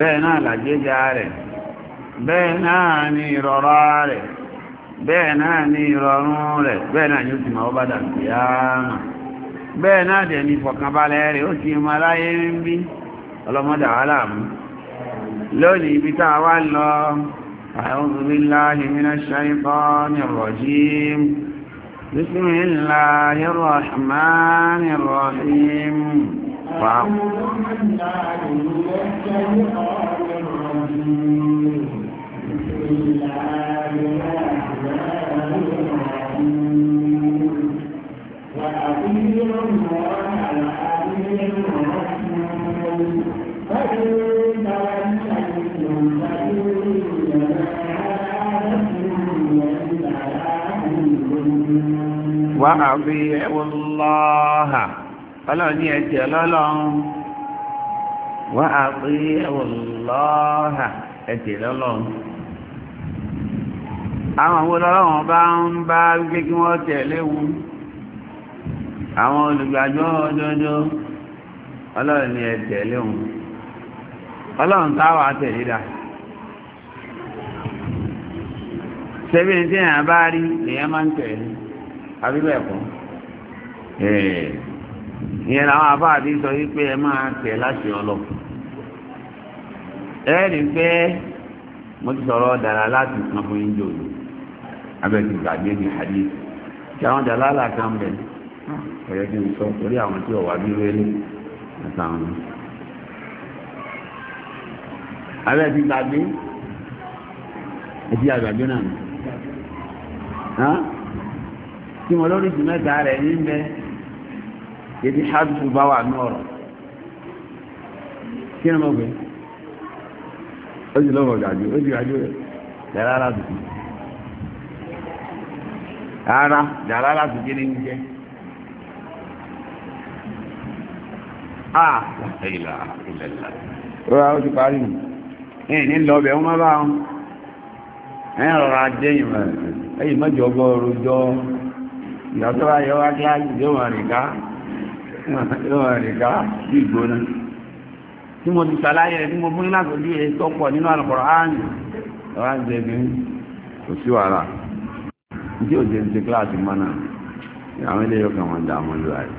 bẹ́ẹ̀ náà làjẹ́já rẹ̀ bẹ́ẹ̀ náà ni ìrọ̀rọ̀ rẹ̀ bẹ́ẹ̀ náà ni ìrọ̀rùn rẹ̀ bẹ́ẹ̀ náà ni ó ti máa ó bá dàgbé ààmà bẹ́ẹ̀ náà dẹ̀ ni ìfọ̀kànbalẹ̀ rẹ̀ ó ti máa láyé ń bí ọlọ́mọdà wà láàmú lónìí ibi tá a wá lọ أعوذ من الشيطان الرجيم بسم الله الرحمن الرحيم فاعف وأطيعوا الله ọlọ́run ní ẹ̀jẹ̀ ọlọ́run wọ́n á pé ọlọ́ha ẹ̀jẹ̀ lọ́lọ́run àwọn àwọn ọlọ́run bá ń bá wípé kí wọ́n tẹ̀lé wọn àwọn olùgbàjọ́ ọjọ́jọ́ ọlọ́run ní ẹ̀jẹ̀ léhun ọlọ́run táwà tẹ̀lé dà ṣebí ní tí èèyàn bá rí èèyàn máa ń tẹ̀lé àbíbẹ̀ ẹ̀kọ́ ìyẹn làwọn afáàdì sọ wípé ẹ máa tẹ̀ láti ọlọ ẹ rí pé mo ti láti kan fún yín jòló abẹ́tí gbàgbé ní kamgbe. tí àwọn sọ torí àwọn tí ọ̀wà bí wẹ́lẹ̀ àtàwọn abẹ́tí gbàgbé ẹtí àgbàgbé náà tí mo yẹbi hajj bá wà ní ọ̀rọ̀ kí ni mo gbé ó sì lọ́wọ́ gàjú ó sì gàjú yàrá láti kú rárá yàrá láti kí ni ń jẹ ah ìlà ìlẹ̀lá rárá ó ti parí mi ẹ̀yìn ní lọ wọ́n bá wọn ẹ̀yìn rọra jẹ́yìn rẹ̀ ẹ̀yìn mọ́jọ́ gbọ́ rojọ́ ìyàtọ̀ ayọ́wá kíláàsì yóò wà nìkan ìwọ̀n ìrìnká bí ìgbóná tí mo ti ṣàlàyé rẹ̀ tí mo fún nílá pẹ̀lú èyí tó pọ̀ nínú àlùkọ̀rọ̀ áàyàn ọ̀rá ń jẹ́bi kò sí wàhálà tí ò jẹ́ ń ṣe kíláàsì mọ́nà àwọn ilé yóò kàn wọ́n dà mọ́ lóra rẹ̀.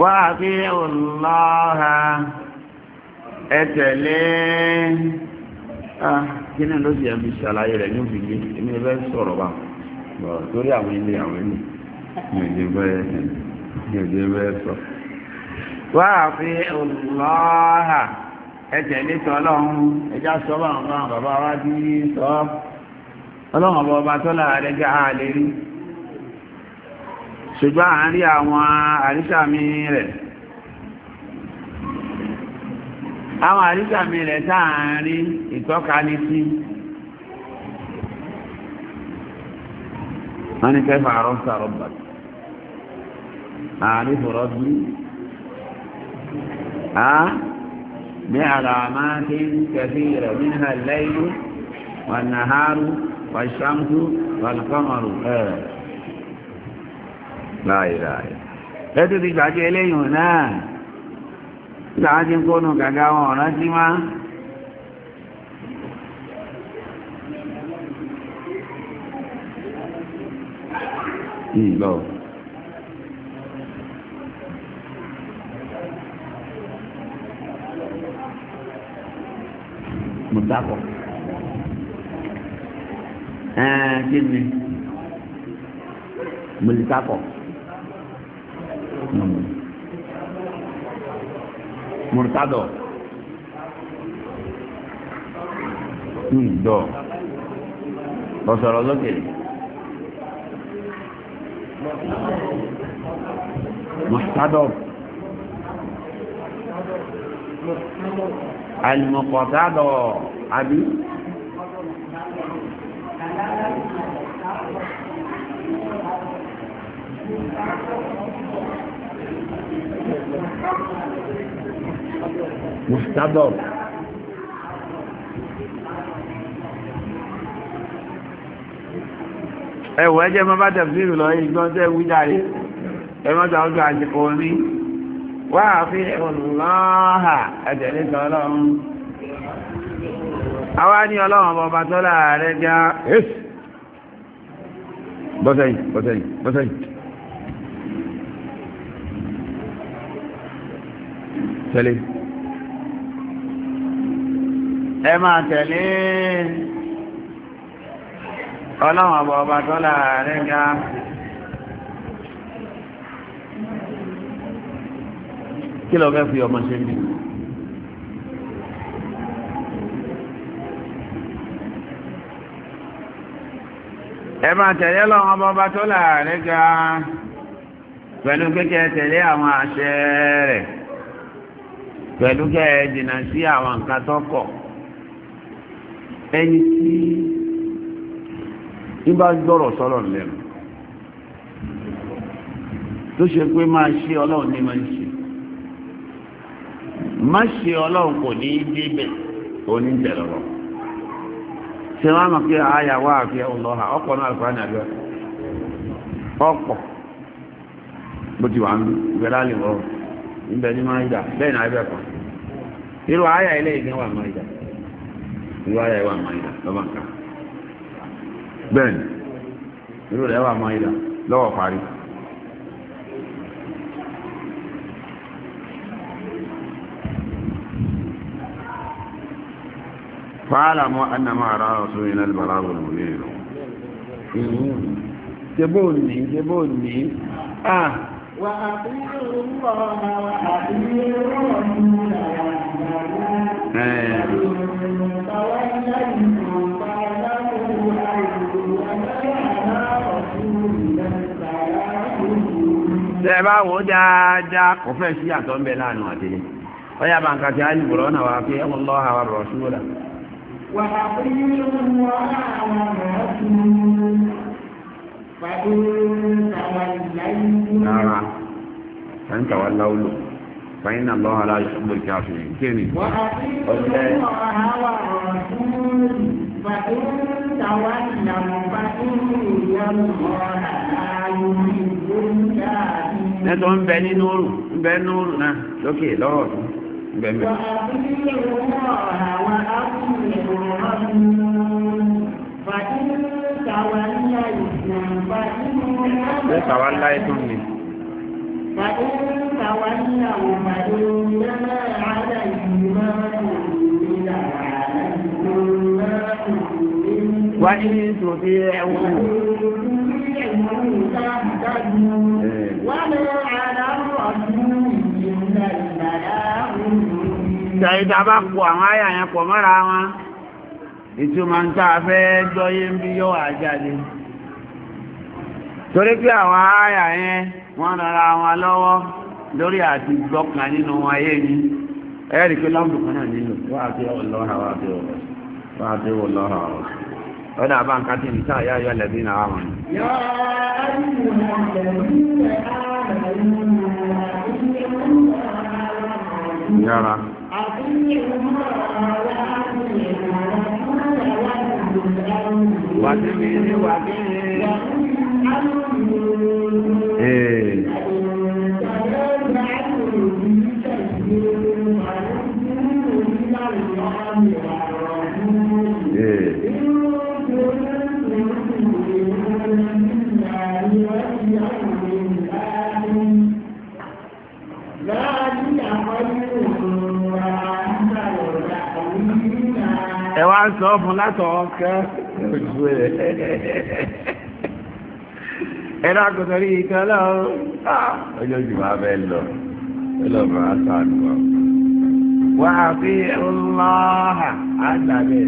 wá àti ọlọ́ha ẹ tẹ̀lé ah, kí ni ló ti ẹ̀ fi ṣàlàyé rẹ̀ ní òfìgbé èmi fẹ́ sọ̀rọ̀ bá torí àwọn ilé àwọn ilé mi ò jẹ́ bẹ́ẹ̀ jẹjẹ bẹ́ẹ̀ sọ. ẹ̀jẹ̀ nítorí ọlọ́run ẹja sọ bá àwọn báwọn bàbá wa bí sọ ọlọ́run ọba ọba tọ́lá rẹ̀ já a lè rí ṣùgbọ́n àárín àwọn àríṣàmì rẹ̀ àwọn àríṣàmì rẹ̀ táàárín ìtọ́ka ní sí wọ́n ní kẹfà àrọ́sà àárín sọ̀rọ̀ bí a bí àlàmá tí ń kẹfí rẹ̀ ní àlẹ́yìn wọn nàhárù wọn ṣàmùtù wọn kọmọrù ẹ̀ láìláì ẹ̀tù ti gbàjẹ́ eléyìn náà láàá ti ń kónú gàgá wọn ọ̀rán sí máa ìgbọ́ mùtákọ̀ ẹ̀ẹ́n kí ni mùtákọ̀ hmm. mùtádọ̀ hmm, dọ̀ ọ̀sọ̀rọ̀ lókè mùtádọ̀. Thank you àlùmọ̀kọ̀tàdọ̀ àbí mùsùtàdọ̀ ẹ̀wọ̀ ẹjẹ́ mọ́ bá tẹ̀síìrì lọ ìgbọ́n tẹ́ wíjáre ẹmọ́ta ọjọ́ àjẹ́kọ̀ọ́ ní wà á fi ọba tó láàrẹ bọ́sẹ̀yìn bọ́sẹ̀yìn bọ́sẹ̀yìn tẹ̀lé ẹ máa tẹ̀lé ọlọ́run ọba tó láàrẹ kí lọ fẹ́ fi ọmọ ṣe ń bì. ẹ máa tẹ̀lé lọ́wọ́ bọ́bá tó láàrin gan-an pẹ̀lú kékeré tẹ̀lé àwọn àṣẹ rẹ̀ pẹ̀lú kẹ́ ẹ jìnnà sí àwọn nǹkan tó kọ̀ ẹni tí ń bá gbọ́rọ̀ sọ́rọ̀ lẹ́nu tó ṣe pé máa ṣe ọlọ́run ní máa ṣe má ṣe ọlọ́run kò ní í débẹ̀ òní tẹ̀lọ́rọ̀ ṣe wọ́n mọ̀ pé ha ọ̀pọ̀ náà kúrò ní àjọ ọ̀pọ̀ bó ti wà ń bí ìgbẹ́ láàlè wọ́n níbẹ̀ máa ń jà bẹ́ẹ̀ náà kan irú àyà ilé ìgbẹ́ wà máa fàálàmọ́ annama ara ọ̀sùn iná ìbàráwò lórí ìlú ṣebó ní ṣebó ní ah wà tẹ́ẹ̀bá wo dáadáa kò fẹ́ sí àtọ́ ń bẹ láàrin àti ọyá bàǹkà tí a yìí bùrọ̀ náà wà pé ọmọ lọ́wọ́ àwọn rọ̀ sí وحقيرهم وعلى رسول فإن توليتم فإن تولوا له فإن الله لا يحب الكافرين كيني وأطيعوا الله والرسول فإن تولوا فإن الله لا يحب الكافرين. Nẹ́tọ̀ ń bẹ ní nóòrù, ń bẹ nóòrù náà lókè lọ́rọ̀ tún bẹ́ẹ̀ bẹ́ẹ̀ tàwa ńlá ẹ̀tún ni. wá ní tòbí ẹ̀wọ̀n. wá ní àdáwọ̀ ọdún ìgbìmọ̀ ṣàyí tá a bá kó àwọn yẹn pọ̀ mọ́ra wọn ìtumọ̀ ń tá a fẹ́ gbọ́yé ń bí yóò àjáde torí pé àwọn yẹn wọ́n rọra wọn lọ́wọ́ lórí àti gbọ́kàn nínú ayé ni pé kan náà wọ́n wọ́n wọ́n wọ́n wàdí mi ní wàdí mi. Eh. sọ fún látọ̀ọ́ kẹ́ ojú rẹ̀ ẹ̀rọ àgùntàn rí ìkan ah! ọjọ́ ìjùmọ̀ abẹ́ lọ ẹlọ́bàá àtàdùwà wà á fi àgbàbẹ̀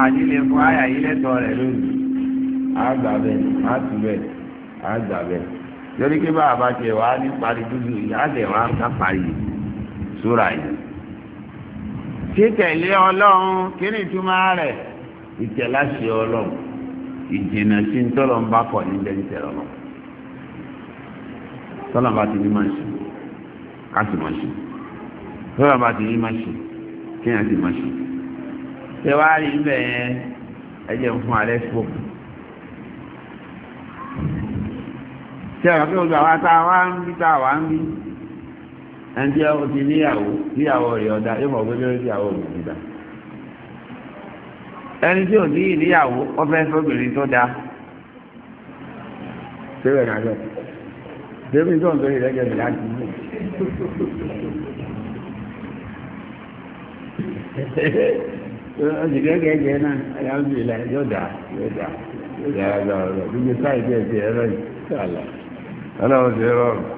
àdílé fún àyà rẹ̀ lónìí àgbàbẹ̀ àtúbẹ̀ àgbàbẹ̀ kí bá ní títẹ̀lé ọlọ́run kí ni ìtumọ̀ rẹ̀ ìtẹ̀láṣẹ ọlọ́run ìjìnà sí tọ́lọ̀ kọ̀ nílẹ̀ ń tẹ̀lọ́ ti ní máa ṣe ká sì máa ṣe tọ́lọ̀ ti ní máa ṣe kí ni a ti wa tá a ẹni tí ti níyàwó níyàwó rẹ̀ ọ̀dà yóò mọ̀ pé bí ó ti yàwó ẹni tí ò ní ìníyàwó ó fẹ́ tó dáa síbẹ̀ nàjọ débi tó ń tó ìrẹ́jẹ mi láti mú ọ̀sìn gẹ́gẹ́ jẹ náà alhamdulilá yóò dà yóò dà yóò dà yóò dà ọ̀rọ̀ gbígbé sáì díẹ̀ díẹ̀ rẹ̀ ọlọ́run ti rọrùn.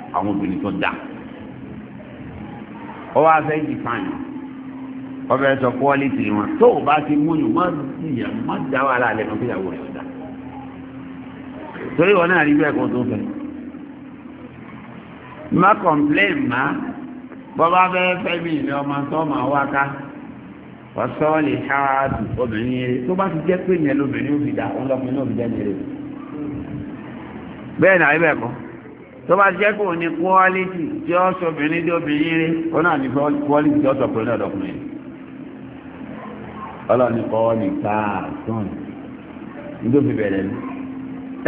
àwọn obìnrin tó dà ọwọ́ afẹ́ yìí fáyìn ọbẹ̀ sọ kọ́ọ́lìtì wọn tó o bá ti mú yùn má yà má dá wà láàlẹ́ kan fíyàwó rẹ̀ dá torí wọn náà rí bẹ́ẹ̀ kó tó fẹ́ má kọ̀m̀plẹ́ǹ má bọ́bá fẹ́ fẹ́ mi ní ọmọ tó máa wá ká ọ̀sọ́ọ̀lì ṣáàdù obìnrin eré tó bá ti jẹ́ pé ìyẹn lóbìnrin ó fi dá ọlọ́pìn náà fi jẹ́ ní bẹ́ẹ̀ náà rí bẹ́ẹ̀ kọ́ tó bá jẹ́ kò ní quality tí ó sọbìnrin tí obìnrin rí ó náà ní quality tí ó sọpìnrin ọ̀dọ́kùnrin ọlọ́ni kọ́ ní káàtún nítorí bẹ̀rẹ̀ ní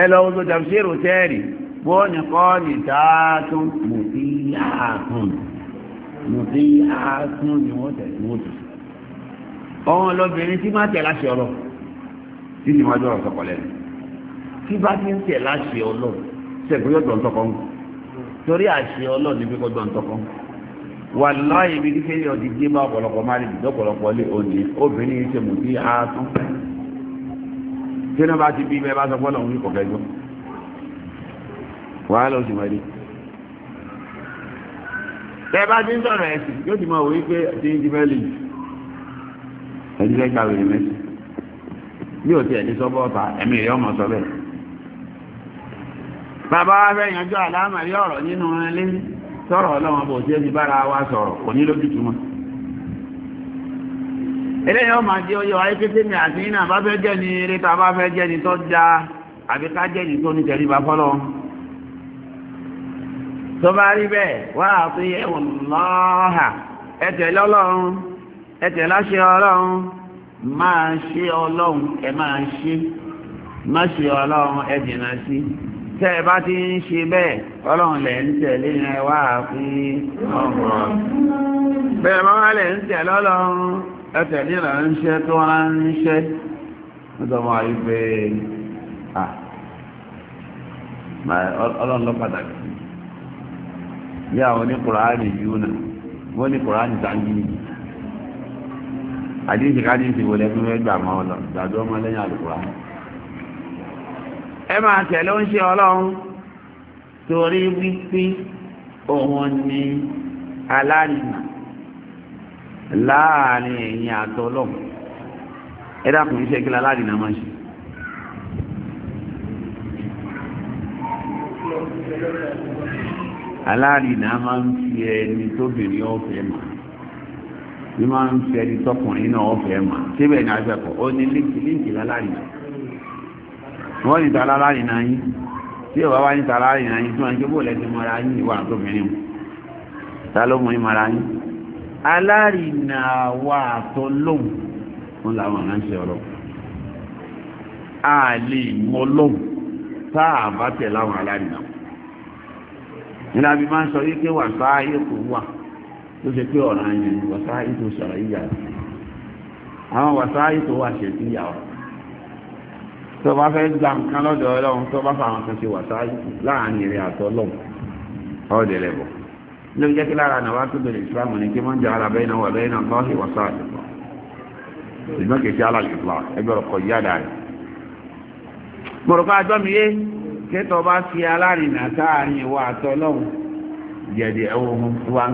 ẹ lọ wọ́n tó tafsir tẹ́ẹ̀rì wọ́n ní kọ́ ní káàtún mùtí ààtún mùtí ààtún ni wọ́n tẹ̀ wọ́n tù ọ̀hún lọ́bìnrin tí má tẹ̀ láṣẹ ọlọ́ títí má jọ̀rọ̀ sọ̀kọ̀ sẹ̀kúrẹ́ ọ̀dọ̀ ntọ́kọ́ ń torí àṣẹ ọlọ́ọ̀ ní pípọ́ ọ̀dọ̀ ntọ́kọ́ wà láàyè ibi kíkẹ́ ní ọdí dé bá ọ̀pọ̀lọpọ̀ máa lè dìde ọ̀pọ̀lọpọ̀ lé òní obìnrin yìí ṣe mú sí àátún tí wọ́n bá ti bí bẹ́ẹ̀ bá sọ pé ọlọ́run kò fẹ́ gbọ́ wàhálà oṣù mọ́lẹ́ tẹ́ bá ti ń sọ̀rọ̀ ẹ̀sìn yóò ti máa wò wípé ti ń ti fẹ́ lè ẹ̀dí fẹ́ gbàwé mẹ́sì bí ò ti ẹ̀dí sọ́bọ̀ ọ̀tà ẹ̀mí ìyá ọmọ sọ bẹ́ẹ̀ bàbá wa fẹ́ yanjú àlámàrí ọ̀rọ̀ nínú ilé sọ̀rọ̀ ọlọ́wọ́n bò jẹ́ ti bára wa sọ̀rọ̀ kò ní lójútu mọ́ eléyìí ọmọ àti oyè wáyé kété ní àti iná bá fẹ́ jẹ́ ni eré tá a bá fẹ́ jẹ́ ni tó já àbí ká jẹ́ ni tó ní tẹ̀lé bá fọ́lọ́ tó bá rí bẹ́ẹ̀ wá àti ẹ̀wọ̀n lọ́ọ̀hà ẹ̀tẹ̀ lọ́lọ́run ẹ̀tẹ̀ láṣẹ ọlọ́run máa ṣe ọlọ́run ẹ máa ṣe má ṣe ọlọ́run ẹ sí i. tẹ́ ẹ bá ti ń ṣe bẹ́ẹ̀ ọlọ́run lẹ̀ ń tẹ̀lé yẹn wá fi ọ̀rọ̀ bẹ́ẹ̀ bá lẹ̀ ń ọrụ ọlọ́run ọrụ tẹ̀lé ọrụ tó ọrụ nítorí wọn pé ọlọ́run lọ pàtàkì bí àwọn oníkùránì yìí wọ́n ní kùránì mọ́ gbàdúrà lẹ́yìn àlùkùránì. ẹ máa tẹ̀lé ń ṣe ọlọ́run torí wípé òun ni alárìnà láàrin ẹ̀yìn àtọ́lọ́m ẹ dákun iṣẹ́ kí alárìnà máa ṣe. alárìnà máa ń fi ẹni tóbìnrin ọ̀fẹ́ mọ̀ bí máa ń fi ẹni tọkùnrin náà ọ̀fẹ́ mọ̀ síbẹ̀ ní àjẹkọ̀ ó ní líǹkì líǹkì lálárìnà wọ́n ní tààrà láàrin náà yín tí ò bá wá ní tààrà láàrin náà yín tí wọ́n ń ké bó lẹ́sìn mọ́ra yín ìwà àtòmìnrin ta ló mú yín mọ́ra yín alárìnà wa àtọ́lóhùn wọn làwọn aránṣẹ́ ọ̀rọ̀ a lè mọ lóhùn tá a bá tẹ̀ láwọn alárìnà nílá bí máa ń sọ yí pé wà sáyé kò wà tó ṣe pé ọ̀ràn yẹn wà sáyé tó ṣàlàyé yàrá àwọn wà sáyé tó wà ṣètìyàwó tó bá fẹ́ gba nǹkan lọ́dọ̀ ọlọ́run tó bá fa àwọn kan ṣe wà sáájú láàrin ìrìn àtọ́ lọ́wọ́ ọ̀dẹ̀ lẹ́bọ̀ ló jẹ́ kí lára àwọn tó bẹ̀rẹ̀ ìsìlámù ní kí wọ́n jẹ́ ara bẹ́ẹ̀ náà wà bẹ́ẹ̀ náà wà ṣe ẹgbẹ́ ọkọ̀ mi yé kẹ́tọ̀ bá fi alárìnà sáàrin ìwà àtọ́ jẹ̀dẹ̀ wọn wá ń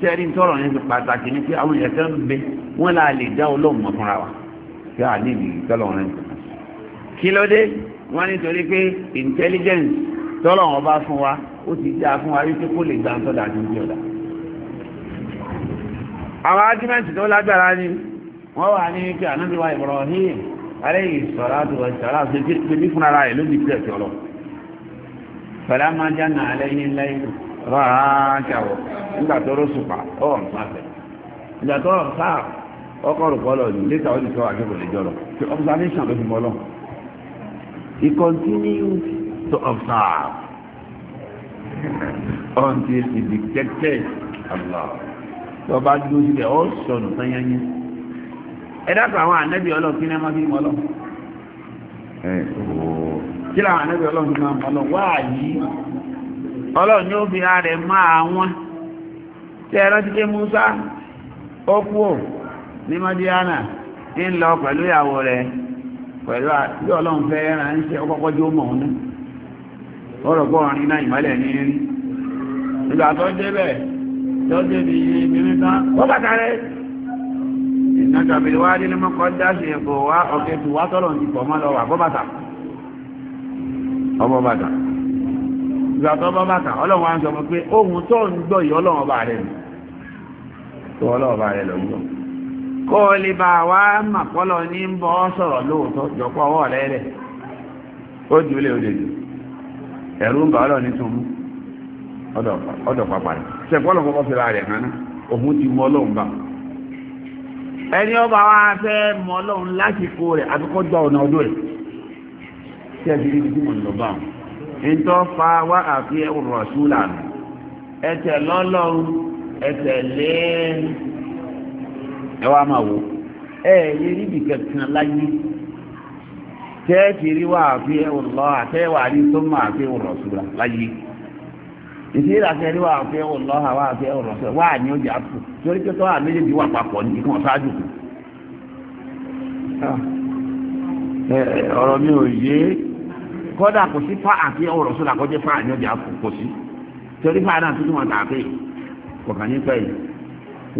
sẹ́rí tọrọ yẹn fi pàtàkì ní pé àwọn èèyàn tẹ́ ń bẹ wọ́n là lè dá ọlọ́run mọ̀ fúnra wa kí á ní ìlú tọ́lọ̀ rẹ̀ kí ló dé wọ́n nítorí pé intelligence tọ́lọ̀ wọn bá fún wa ó ti dá fún wa wípé kó lè gba ntọ́dà tó ń bí àwọn ágímẹ́ǹtì tó lágbára ni wọ́n wà ní wípé ànábíwá Ibrahim alayhi salatu wa salam àti pẹ̀lú fúnra rẹ̀ ló di nígbà tó rọ́ṣùpá ọ̀hún sáfẹ̀ ìgbà tó rọ̀ sáà ọkọ̀ rùpọ̀ lọ ní létà ó ní sọ àgbẹ̀bọ̀ lè jọrọ̀ pé observation ló fi mọ́ lọ he continued to observe until he detected Allah tí ọba dúró sílẹ̀ ó sọnù tányányá ẹ dákọ̀ àwọn ànẹ́bí ọlọ́ọ̀ kí ní ẹ má fi mọ́ lọ kí làwọn ànẹ́bí ọlọ́ọ̀ fi máa mọ́ lọ wáàyí ọlọ́ọ̀ ni ó fi máa wọn. tẹ́ẹ̀rọ ti dé Musa ó kú ní Madiana ń lọ pẹ̀lú ìyàwó rẹ̀ pẹ̀lú àti ọlọ́run fẹ́ ránṣẹ́ ọkọ́kọ́ jó mọ̀ ọ́nà ọ̀rọ̀ náà ìmọ́lẹ̀ ní rí ìgbà tó tó rẹ̀ ìnàkàbìlì wá ìgbà tó ń sọ pé ohun tó ń gbọ́ yìí ọlọ́run ọba rẹ̀ lọ tó ọba rẹ̀ lọ gbọ́ kó o lè bá wa ní ju ẹ̀rú ń bá ní tún mú pàpà rẹ̀ ti mọ ọlọ́run bá ẹni wa mọ ọlọ́run rẹ̀ ọ̀nà ọdún rẹ̀ ibi tí mo lọ bá ntọ́ fa wá àfi rọ̀ṣúlà nù ẹtẹ̀ lọ́lọ́, ẹtẹ̀ lé ẹ wá máa wò ẹ níbi kankan láyé rí wá àfi àtẹ́wà rí tó máa àfi láyé wá àfi àfi wá ọjà kù torí pé méjèèjì wà papọ̀ ní kọ́dà kò sí fa àti ọ̀rọ̀ sọ́dà kọ́ jẹ́ fa àní ọjà kò sí torí fa náà tuntun wọn tààfẹ́ kọ̀ọ̀kan ní pẹ́ yìí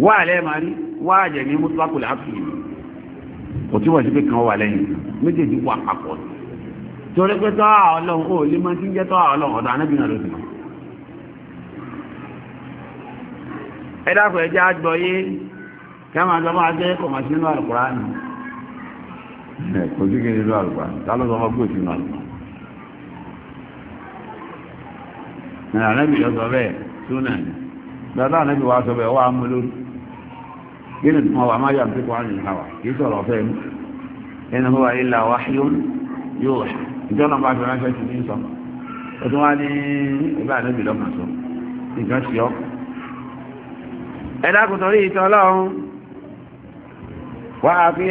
wá àlẹ́ máa rí wá àjẹ̀ ní mọ́tòlákùlẹ̀ àfihàn kò tí wọ́n ti fi kan wà lẹ́yìn méjèèjì wà papọ̀ torí pé tọ́ ọlọ́run ó lè máa ti ń jẹ́ tọ́ ọlọ́run ọ̀dọ̀ anábì náà ló ti mọ̀ ẹ dákọ̀ ẹjẹ́ àjọ yé kí wọ́n lọ máa jẹ́ kọ̀mọ̀sí ní ànábì lọ sọ bẹ́ẹ̀ súnà ní bàbá wa sọ na wà á gínú tí wọn wà má yà ń pípọ̀ àrùn ìhàwà kì sọ̀rọ̀ ọ̀fẹ́ wa ilà wa yóò ìjọba bá fi ránṣẹ́ sí ní sọ ó tún wá ní ìbá i lọ́mọ sọ sí ọ. ẹ dákun torí ìtọ́ wà á fi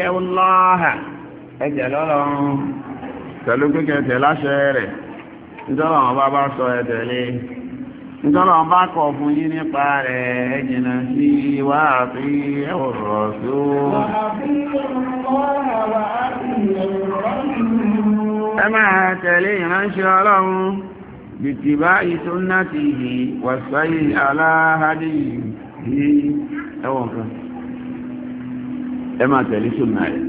pẹ̀lú láṣẹ nítorí àwọn bá sọ ẹ tẹ̀lé nítorí kọ̀ fún yín nípa rẹ̀ ẹ sí wá àfi ẹ̀wọ̀rọ̀ sí ó. ẹ máa tẹ̀lé ìránṣẹ́ ọlọ́run bìtìbá ìsúnnàtì wàsáyé aláhádé yìí ẹwọ̀n kan ẹ máa tẹ̀lé súnnà rẹ̀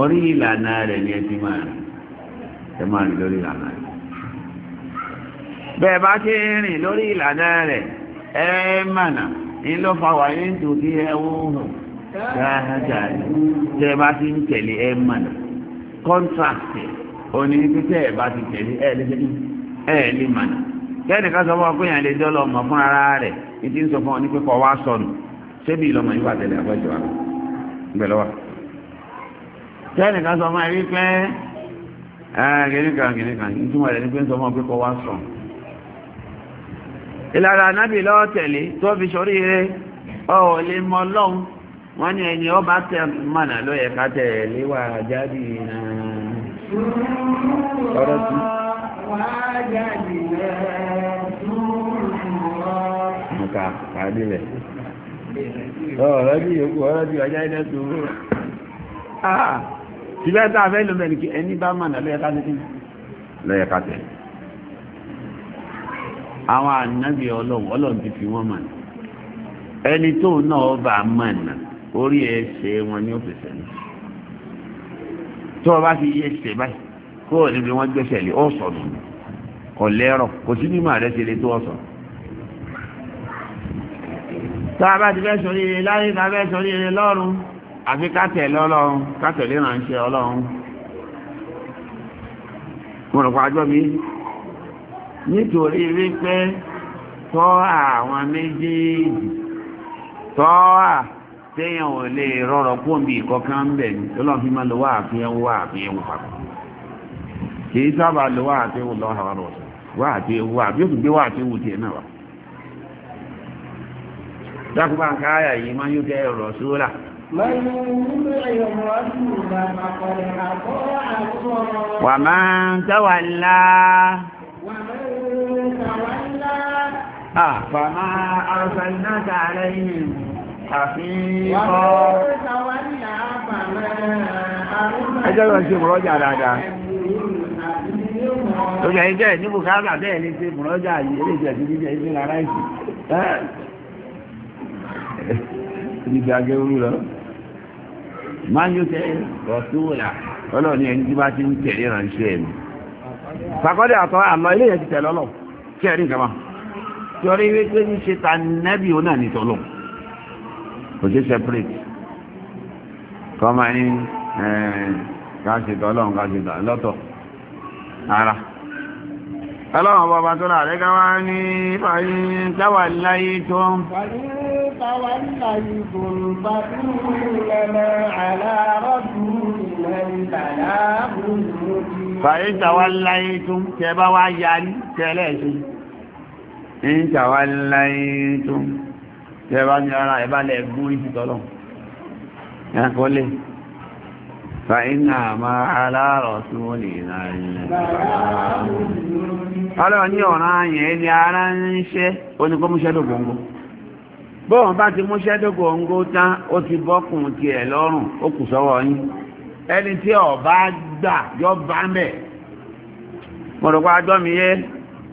orí ìlànà rẹ̀ ni ẹ ti máa bẹ́ẹ̀ bá rìn lórí ìlànà rẹ̀ ẹ mànà ní ló fa wà ní tòbí ẹwọ́ hàn dáadáa tẹ́ ti ń tẹ̀lé ẹ mànà contract òní ti tẹ̀lé ẹ lé ẹ lé mànà kẹ́nìkan sọ fún ọ pé isi lè dọ́lọ́ ọmọ fún ara rẹ̀ ìdí ń sọ fún ọ ní pípọ̀ wá sọnù ìlọmọ yìí wà tẹ̀lé wa wa. ìlànà anábì lọ́wọ́ tẹ̀lé tó fi sórí rẹ̀ ọ̀ lè mọ lọ́hùn wọ́n ní ẹni ọba tẹ mọ̀nà ló yẹ ká tẹ̀lé wà jáde náà ọ̀rọ̀ sí. Nǹka pàdé rẹ̀. Ọ̀rọ̀ bí yòókù ọ̀rọ̀ bí ọjà iná tó rú. Ah, Tìbẹ́ta fẹ́ lómẹ́ni ẹni bá mọ̀nà Ló yẹ ká tẹ̀lé àwọn ànábì ọlọ́run ọlọ́run ti fi wọ́n mọ̀nà ẹni tó náà bá mọ̀nà orí ẹsẹ̀ wọn ni ó fẹsẹ̀ ní. tó o bá fi yé ẹsẹ̀ báyìí kó o níbi wọn gbẹ́sẹ̀ lé ọ̀sọ̀ nù kò lẹ́rọ̀ kò sí mímọ̀ rẹ ṣe lè tó ọ̀sọ̀. tá a bá ti fẹ́ sọrí ire láyé ká fẹ́ sọrí ire lọ́run àfi ká tẹ̀lé ọlọ́run ká ránṣẹ́ ọlọ́run. mo rò pa àjọ mi nítorí wípé tọ́ àwọn méjèèjì tọ́ à téèyàn ò lè rọrọ̀ pòǹbì kọ̀ọ̀kan ń bẹ̀ ní ọlọ́run fi máa lọ àfihàn wá àfihàn wà kì í sábà lọ àfihàn lọ́wọ́ àwọn ọ̀rọ̀ wá àfihàn wá àbí òkùnkùn gbé wá àfihàn wù tiẹ̀ náà wà. ń yìí máa ń yóò kẹ́ ọ̀rọ̀ sóòlà. فما أرسلناك عليهم حفيظا ẹjọ́ lọ ṣe mọ̀rọ́jà dáadáa tó jẹ́ ní bẹ́ẹ̀ ní yìí ìjẹ́ sí ìsì lọ máa ń yóò tẹ́ ọlọ́ọ̀ni ẹni tí bá ti ń tẹ̀lé mi fàkọ́dẹ̀ àtọ́ àmọ́ ilé yẹn ti torí wípé ní ṣe ta nẹ́bí òun náà ní tọ́lọ̀ kò ṣe separate kọ́mà ní ká ṣe tọ́lọ̀ ká ṣe tà lọ́tọ̀ ara ọlọ́run bọba tó rà rẹ̀ káwá ní fàyí táwà láyé tó ń fàyí táwà láyé tó ń bá túnlẹ̀mọ́ alárọ́dù ilẹ̀ ìtàlá fàyí táwà láyé tó ń tẹ bá wá yarí tẹ́lẹ̀ sí ń tàwa láìtó tí ẹ bá ní ara ẹ bá lẹ gún ìsì tọ́lọ̀ ẹ̀kọ́lẹ̀ fàínà máa aláàrọ̀ tí ó lè láàrin ọlọ́rọ̀ ní ọ̀ràn ayẹ̀ ẹni ara ń ṣẹ́ oníkó múṣẹ́ dògóngó bóòrùn bá ti múṣẹ́ dògóngó tán ó ti bọ́kùn ti ẹ̀ lọ́rùn ó kù sọ́wọ́ yín ẹni tí ó gbà yọ bá mẹ́ mọ̀rọ̀pá gbọ́mìyẹ́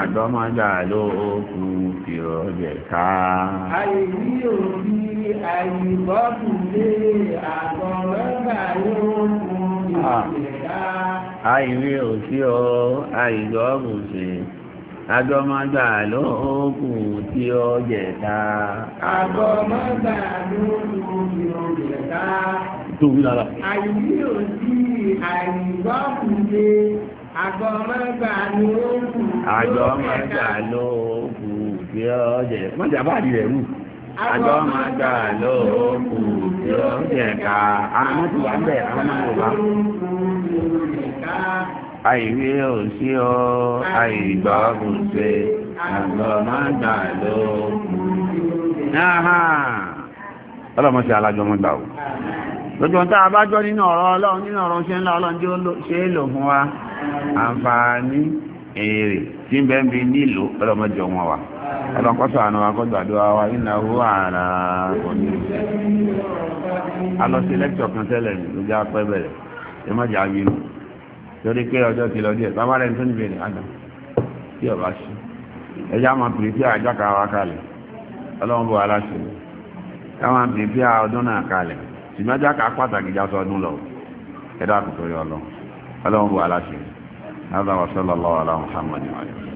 Àdọ́mọ́dà ló kú fi ọjẹ̀ ká. Àìrí òbí àìbọ́kù lé àgọ́rọ́gbà ló kú fi ọjẹ̀ ká. Àìrí òsí ọ àìgbọ́kù sí. Àdọ́mọ́dà ló kú fi ọjẹ̀ ká. Àgọ́rọ́gbà ló kú fi ọjẹ̀ ká. Àìrí òsí àìbọ́kù àjọ máa gbà lóòkù tí ó jẹ wọ́n ti àbáàdì rẹ̀ wù àjọ máa gbà lóòkù tí ó jẹ ká àwọn ọmọ ti wà ń bẹ̀ àwọn ọmọ yorùbá àìrí òsí ọ àìgbà òṣè àgbà máa gbà lóòkù. ọlọ́mọ sí alájọ mọ́ gbà ó lójú ọ̀tá abájọ́ nínú ọ̀rọ̀ ọlọ́run nínú ọ̀rọ̀ ṣe ńlá ọlọ́run tí ó ṣe é lò fún wa. àǹfààní èrè tí ń bẹ́ ń bi nílò ọlọ́mọdé wọn wà ọlọ́kọ́sọ àná wa kọ́jọ àdúrà wa iná owó òní alọ́sí lẹ́kítọ̀ kan tẹ́lẹ̀ ní ló já pẹ́ bẹ̀rẹ̀ ẹ má jà torí pé ọjọ́ ti lọ díẹ̀ bàbá rẹ̀ tó tí ọba sí ẹjá máa kalẹ̀ ọlọ́run bò ká máa ọdún náà kalẹ̀ ṣùgbọ́n pàtàkì هذا وصلى الله على محمد وعلى اله